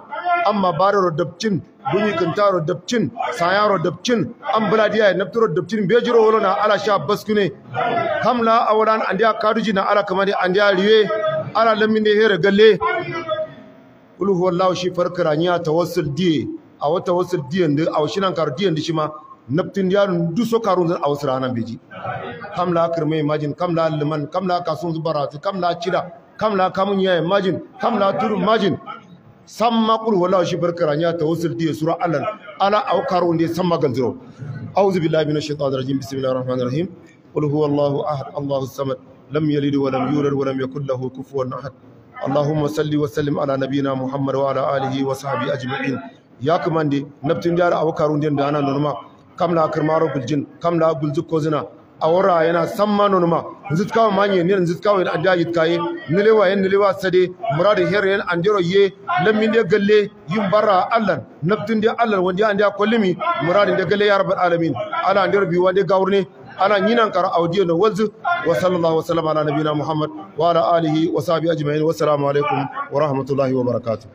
amma bararo dabcin bunyi kintaro dabcin sayaro dabcin an bladiya ya naftaro dabcin bejiro wolona ala sha baskune kamla awran andiya kaduji na ala kamani andiya riwe ala lamine here galle kul huwallahu shi farkara nya tawassul di a wata wasul di ndu a shi nan kar di ndu shi ma nabtin ya ndu so karun zan a wasu ranar beji kam la kirme imagine kam la liman kam la kasun zubarati kam la cira kam la kamun ya imagine kam la turu imagine san makul wala shi barkaran ya tawassul di sura alal ala aw karun ne samma magan zuro auzu billahi minash shaitanir rajim bismillahir rahmanir rahim qul huwallahu ahad allahus samad لم يلد ولم يولد ولم يكن له كفوا احد Allahumma salli wa sallim ala nabiyina Muhammad wa ala alihi wa sahbihi ajma'in ya kamande nabtin dara awakarun den dana norma kamla karmaro biljin kamla gulzuko zina awara yana samma norma zitkawo manye ne zitkawo da adda yitkaye nilewa yan nilewa sade muradu heryen andero ye lamin de galle yin barra Allah nabtin de Allah wanda anda kullimi muradin de galle ya rabbal alamin ala andero bi wanda gawurne ana yinan kara audio na wanzu wa sallallahu wa sallama ala nabiyina muhammad wa ala alihi wa sahbihi ajma'in wa assalamu alaikum wa rahmatullahi wa barakatuh